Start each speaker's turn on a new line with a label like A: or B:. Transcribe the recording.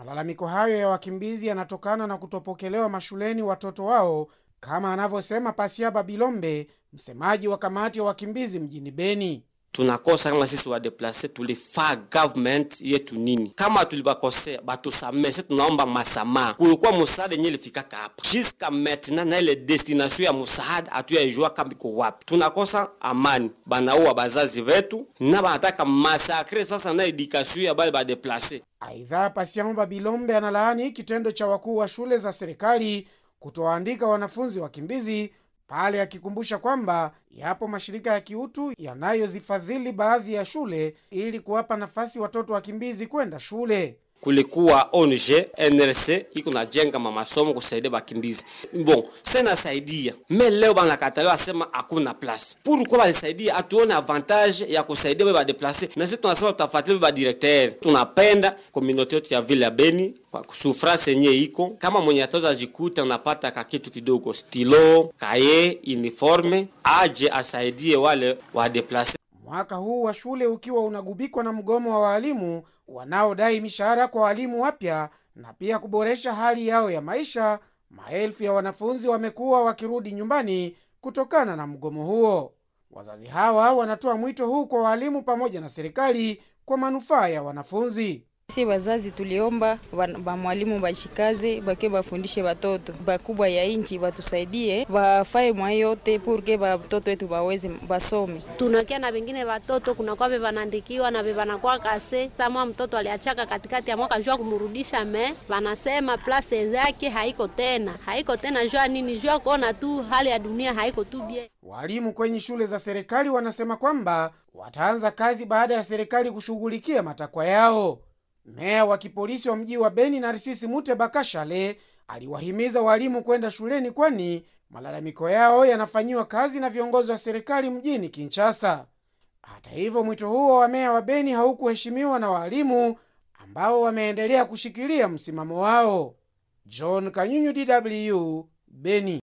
A: Malalamiko hayo ya wakimbizi yanatokana na kutopokelewa mashuleni watoto wao, kama anavyosema pasia babilombe msemaji wa kamati ya wakimbizi mjini Beni
B: tunakosa kama sisi wadeplase tulifaa government yetu nini kama tulibakosea batusamee se tunaomba masama kulikuwa musaada yenye ilifikaka hapa jiska metna na ile destination ya musaada hatuyaijua kama iko wapi tunakosa amani banauwa bazazi wetu na banataka masakre sasa na edikasio ya bale badeplase
A: aidha pasiamo babilombe analaani kitendo cha wakuu wa shule za serikali kutoandika wanafunzi wakimbizi pale akikumbusha kwamba yapo mashirika ya kiutu yanayozifadhili baadhi ya shule ili kuwapa nafasi watoto wakimbizi kwenda shule
B: kulikuwa ONG NRC iko najenga masomo kusaidia bakimbizi. Bon, sasa nasaidia me leo banakataliwa, asema hakuna place. Pourquoi balisaidia? Atuone avantage ya kusaidia ba badeplase, na sisi tunasema tutafuatilia ba directeur. Tunapenda community yote ya vile ya Beni kwa sufrance yenye iko kama mwenye atoza jikuta unapata ka kitu kidogo, stilo, kaye, uniforme, aje asaidie wale wadeplase
A: mwaka huu wa shule ukiwa unagubikwa na mgomo wa waalimu wanaodai mishahara kwa waalimu wapya na pia kuboresha hali yao ya maisha, maelfu ya wanafunzi wamekuwa wakirudi nyumbani kutokana na mgomo huo. Wazazi hawa wanatoa mwito huu kwa
B: waalimu pamoja
A: na serikali
B: kwa manufaa ya wanafunzi. Si wazazi tuliomba bamwalimu bashikaze bake bafundishe batoto bakubwa ya inchi batusaidie bafaye mwa yote purke batoto wetu baweze basome. Tunakia na bengine batoto kunakuwa bebanandikiwa na bebanakuwa kase samwa mtoto aliachaka katikati ya mwaka jua kumrudisha me vanasema place zake haiko tena haiko tena jua nini jua kuona tu hali ya dunia haiko tu bie.
A: Walimu kwenye shule za serikali wanasema kwamba wataanza kazi baada ya serikali kushughulikia matakwa yao. Meya wa kipolisi wa mji wa Beni Narsisi Muteba Kashale aliwahimiza walimu kwenda shuleni, kwani malalamiko yao yanafanyiwa kazi na viongozi wa serikali mjini Kinshasa. Hata hivyo, mwito huo wa meya wa Beni haukuheshimiwa na walimu ambao wameendelea kushikilia msimamo wao. John Kanyunyu, DW, Beni.